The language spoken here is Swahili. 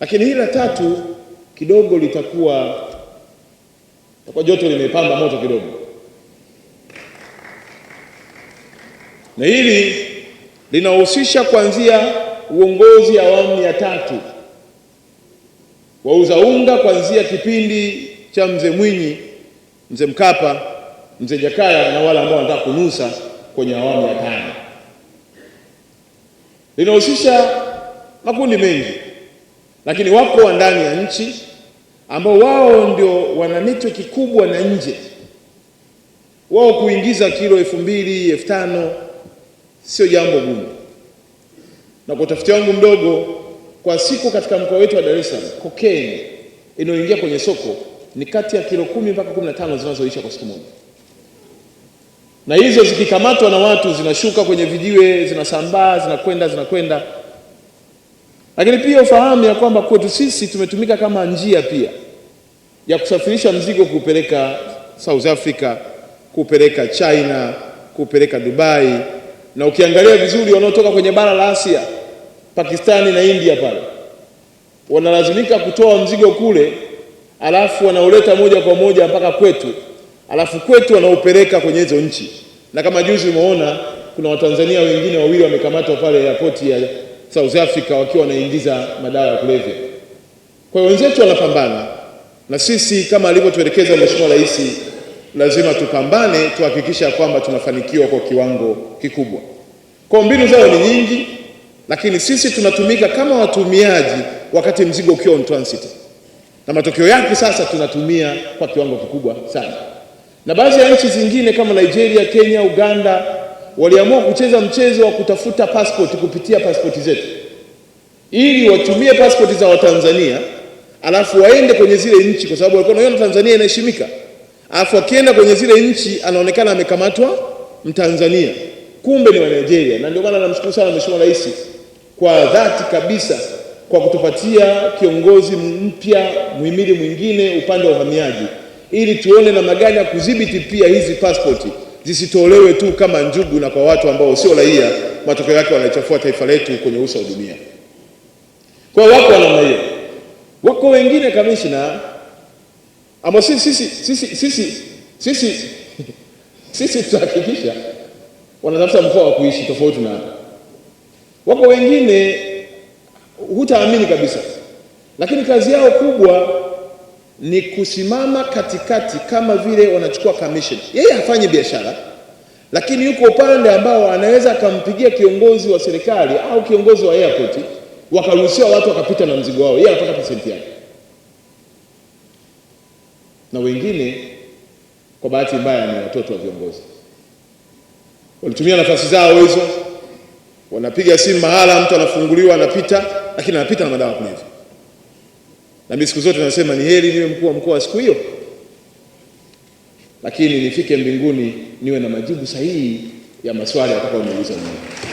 Lakini hili la tatu kidogo litakuwa kwa joto limepamba moto kidogo, na hili linahusisha kuanzia uongozi awamu ya tatu wauza unga kuanzia kipindi cha mzee Mwinyi, mzee Mkapa, mzee Jakaya na wale ambao wanataka kunusa kwenye awamu ya tano. Linahusisha makundi mengi lakini wapo wa ndani ya nchi ambao wao ndio wana network kubwa na nje. Wao kuingiza kilo elfu mbili elfu tano sio jambo gumu, na kwa utafiti wangu mdogo, kwa siku katika mkoa wetu wa Dar es Salaam kokeini inayoingia kwenye soko ni kati ya kilo kumi mpaka kumi na tano zinazoisha kwa siku moja, na hizo zikikamatwa na watu zinashuka kwenye vijiwe, zinasambaa, zinakwenda zinakwenda lakini pia ufahamu ya kwamba kwetu sisi tumetumika kama njia pia ya kusafirisha mzigo kuupeleka South Africa, kuupeleka China, kuupeleka Dubai, na ukiangalia vizuri wanaotoka kwenye bara la Asia, Pakistani na India pale wanalazimika kutoa mzigo kule, alafu wanaoleta moja kwa moja mpaka kwetu, alafu kwetu wanaupeleka kwenye hizo nchi. Na kama juzi umeona kuna Watanzania wengine wawili wamekamatwa pale airport ya South Africa wakiwa wanaingiza madawa ya kulevya. Kwa hiyo wenzetu wanapambana, na sisi kama alivyotuelekeza Mheshimiwa Rais, lazima tupambane tuhakikisha kwamba tunafanikiwa kwa kiwango kikubwa. Kwa mbinu zao ni nyingi, lakini sisi tunatumika kama watumiaji wakati mzigo ukiwa on transit, na matokeo yake sasa tunatumia kwa kiwango kikubwa sana, na baadhi ya nchi zingine kama Nigeria, Kenya, Uganda waliamua kucheza mchezo wa kutafuta passport kupitia passport zetu ili watumie passport za Watanzania alafu waende kwenye zile nchi, kwa sababu walikuwa wanaona Tanzania inaheshimika, alafu akienda kwenye zile nchi anaonekana amekamatwa Mtanzania, kumbe ni Wanigeria. Na ndio maana namshukuru sana Mheshimiwa Rais kwa dhati kabisa kwa kutupatia kiongozi mpya, muhimili mwingine upande wa uhamiaji, ili tuone namna gani ya kudhibiti pia hizi passport zisitolewe tu kama njugu na kwa watu ambao sio raia, matokeo yake wanachafua taifa letu kwenye uso wa dunia. Kwa wako wa namna hiyo, wako wengine kamishna, ambao sisi sisi sisi sisi sisi tutahakikisha wanatafuta mkoa wa kuishi tofauti na wako wengine hutaamini kabisa, lakini kazi yao kubwa ni kusimama katikati, kama vile wanachukua commission. Yeye hafanyi biashara, lakini yuko upande ambao anaweza akampigia kiongozi wa serikali au kiongozi wa airport, wakaruhusiwa watu wakapita na mzigo wao, yeye anapata pasenti yake. Na wengine kwa bahati mbaya ni watoto wa viongozi, walitumia nafasi zao hizo, wanapiga simu mahala, mtu anafunguliwa, anapita, lakini anapita na madawa kulevya na mimi siku zote nasema ni heri niwe mkuu wa mkoa siku hiyo, lakini nifike mbinguni niwe na majibu sahihi ya maswali atakayoniuliza Mungu.